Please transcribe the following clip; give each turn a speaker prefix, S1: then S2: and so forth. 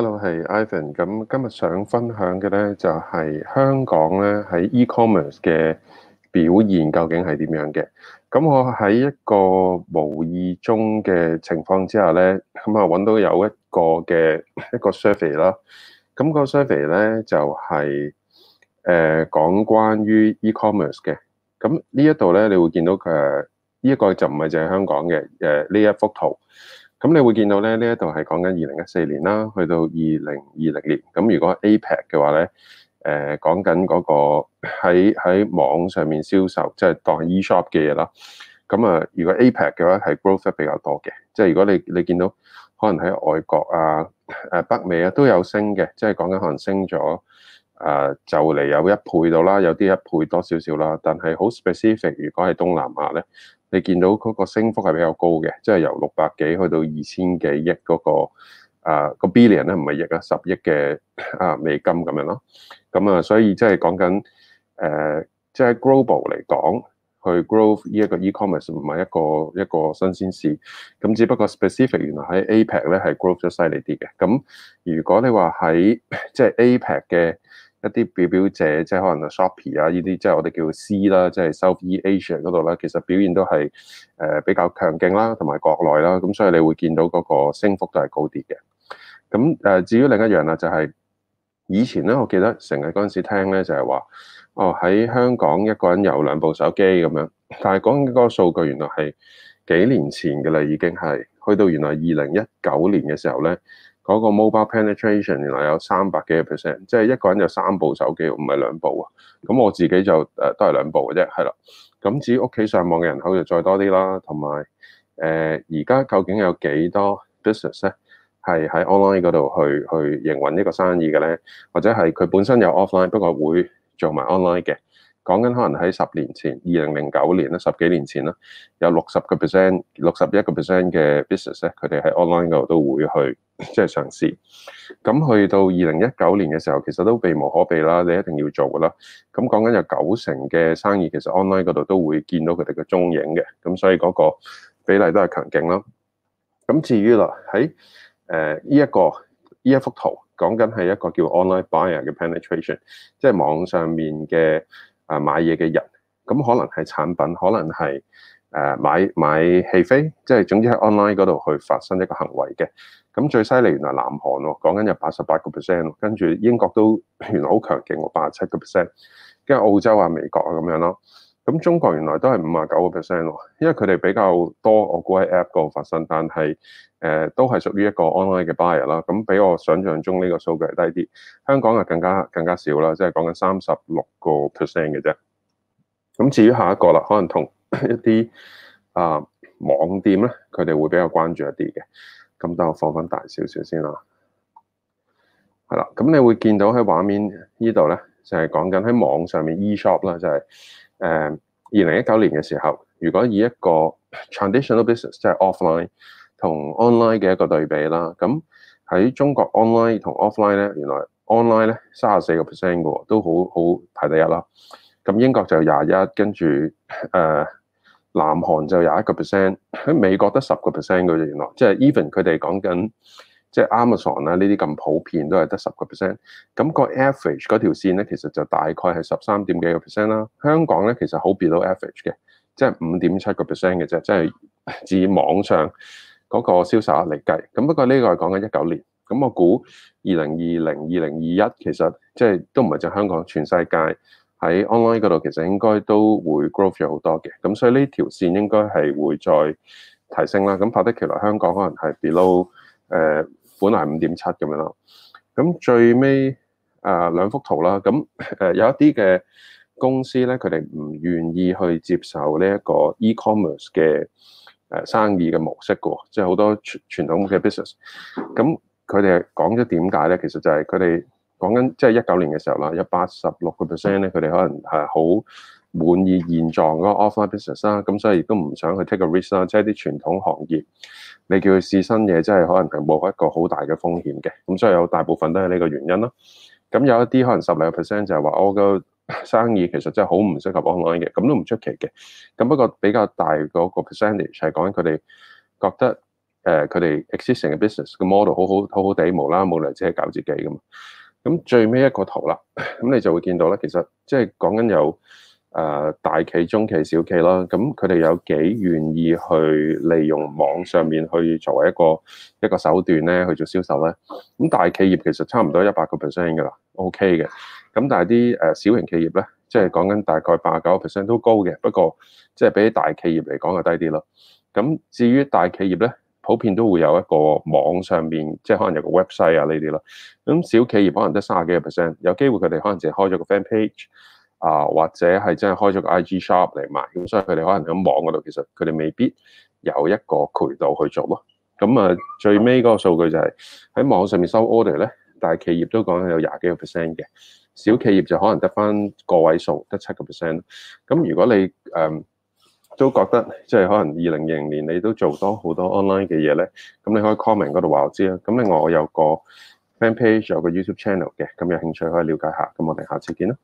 S1: hello，係 Ivan。咁今日想分享嘅咧，就係香港咧喺 e-commerce 嘅表現究竟係點樣嘅。咁我喺一個無意中嘅情況之下咧，咁啊揾到有一個嘅一個 survey 啦。咁個 survey 咧就係誒講關於 e-commerce 嘅。咁呢一度咧，你會見到佢誒呢一個就唔係淨係香港嘅誒呢一幅圖。咁你會見到咧，呢一度係講緊二零一四年啦，去到二零二零年。咁如果 APAC 嘅話咧，誒講緊嗰個喺喺網上面銷售，即係當 eShop 嘅嘢啦。咁啊，如果 APAC 嘅話係 growth 得比較多嘅，即係如果你你見到可能喺外國啊、誒、啊、北美啊都有升嘅，即係講緊可能升咗。誒、uh, 就嚟有一倍到啦，有啲一,一倍多少少啦。但係好 specific，如果係東南亞咧，你見到嗰個升幅係比較高嘅，即係由六百幾去到二千幾億嗰、那個誒個、uh, billion 咧，唔係億 啊，十億嘅啊美金咁樣咯。咁啊，所以、uh, 即係講緊誒，即係 global 嚟講去 grow 呢一個 ecommerce 唔係一個一個新鮮事。咁只不過 specific 原來喺 APEC 咧係 grow 咗犀利啲嘅。咁如果你話喺即係 APEC 嘅。一啲表表姐即係可能啊 Shopee 啊呢啲即係我哋叫 C 啦，即係 South East Asia 嗰度啦，其實表現都係誒比較強勁啦，同埋國內啦，咁所以你會見到嗰個升幅都係高啲嘅。咁誒至於另一樣啦，就係以前咧，我記得成日嗰陣時聽咧就係話哦，喺香港一個人有兩部手機咁樣，但係講緊嗰個數據原來係幾年前嘅啦，已經係去到原來二零一九年嘅時候咧。嗰個 mobile penetration 原來有三百幾個 percent，即係一個人有三部手機，唔係兩部啊。咁我自己就誒、呃、都係兩部嘅啫，係啦。咁至於屋企上網嘅人口就再多啲啦，同埋誒而家究竟有幾多 business 咧係喺 online 嗰度去去營運呢個生意嘅咧，或者係佢本身有 offline，不過會做埋 online 嘅。講緊可能喺十年前，二零零九年咧，十幾年前啦，有六十個 percent，六十一個 percent 嘅 business 咧，佢哋喺 online 嗰度都會去即係嘗試。咁去到二零一九年嘅時候，其實都避無可避啦，你一定要做嘅啦。咁講緊有九成嘅生意，其實 online 嗰度都會見到佢哋嘅蹤影嘅。咁所以嗰個比例都係強勁啦。咁至於啦，喺誒呢一個呢一幅圖，講緊係一個叫 online buyer 嘅 penetration，即係網上面嘅。啊！買嘢嘅人，咁可能係產品，可能係誒買買戲飛，即係總之喺 online 嗰度去發生一個行為嘅。咁最犀利原來南韓喎，講緊有八十八個 percent，跟住英國都原來好強勁喎，八十七個 percent，跟住澳洲啊、美國啊咁樣咯。咁中國原來都係五啊九個 percent 咯，因為佢哋比較多，我估喺 app 嗰度發生，但係誒、呃、都係屬於一個 online 嘅 buyer 啦。咁比我想象中呢個數據係低啲。香港啊更加更加少啦，即係講緊三十六個 percent 嘅啫。咁至於下一個啦，可能同一啲啊網店咧，佢哋會比較關注一啲嘅。咁等我放翻大少少先啦。係啦，咁你會見到喺畫面呢度咧。就係講緊喺網上面 eShop 啦，e、shop，就係誒二零一九年嘅時候，如果以一個 traditional business 即係 offline 同 online 嘅一個對比啦，咁喺中國 online 同 offline 咧，原來 online 咧三十四個 percent 嘅喎，都好好排第一啦。咁英國就廿一，跟住誒南韓就廿一個 percent，喺美國得十個 percent 嘅。原來即係 even 佢哋講緊。即係 Amazon 咧、啊，呢啲咁普遍都係得十個 percent。咁個 average 嗰條線咧，其實就大概係十三點幾個 percent 啦。香港咧其實好 below average 嘅，即係五點七個 percent 嘅啫。即係自網上嗰個銷售額嚟計。咁不過呢個係講緊一九年。咁我估二零二零、二零二一其實即係都唔係淨香港，全世界喺 online 嗰度其實應該都會 growth 咗好多嘅。咁所以呢條線應該係會再提升啦。咁拍得起來香港可能係 below 誒、呃。本嚟係五點七咁樣咯，咁最尾誒兩幅圖啦，咁誒有一啲嘅公司咧，佢哋唔願意去接受呢一個 e-commerce 嘅誒生意嘅模式嘅，即係好多傳傳統嘅 business，咁佢哋講咗點解咧？其實就係佢哋講緊即係一九年嘅時候啦，有八十六個 percent 咧，佢哋可能係好滿意現狀嗰個 offline business 啦，咁所以亦都唔想去 take a risk 啦。即係啲傳統行業，你叫佢試新嘢，真係可能係冇一個好大嘅風險嘅。咁所以有大部分都係呢個原因啦。咁有一啲可能十零個 percent 就係話我個生意其實真係好唔適合 online 嘅，咁都唔出奇嘅。咁不過比較大嗰個 percentage 係講緊佢哋覺得誒佢哋 existing 嘅 business 嘅 model 好好好好好地，無啦冇嚟，即係搞自己噶嘛。咁最尾一個圖啦，咁你就會見到咧，其實即係講緊有。誒大企、中企、小企咯，咁佢哋有幾願意去利用網上面去作為一個一個手段咧去做銷售咧？咁大企業其實差唔多一百個 percent 㗎啦，OK 嘅。咁但係啲誒小型企業咧，即係講緊大概八十九個 percent 都高嘅，不過即係比起大企業嚟講係低啲咯。咁至於大企業咧，普遍都會有一個網上面，即係可能有個 website 啊呢啲咯。咁小企業可能得三十幾個 percent，有機會佢哋可能淨係開咗個 fan page。啊，或者係真係開咗個 IG shop 嚟賣咁，所以佢哋可能喺網嗰度，其實佢哋未必有一個渠道去做咯。咁啊，最尾嗰個數據就係喺網上面收 order 咧，但係企業都講有廿幾個 percent 嘅小企業就可能得返個位數，得七個 percent。咁如果你誒都覺得即係可能二零二零年你都做多好多 online 嘅嘢咧，咁你可以 comment 嗰度話我知啦。咁另外我有個 fan page，有個 YouTube channel 嘅，咁有興趣可以了解下。咁我哋下次見啦。